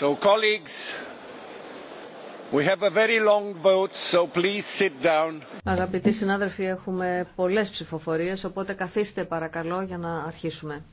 So, colleagues, we have a very long vote, so please sit down. Αγαπητοί συνάδελφοι, έχουμε πολλές ψηφοφορίες, οπότε καθίστε παρακαλώ για να αρχίσουμε.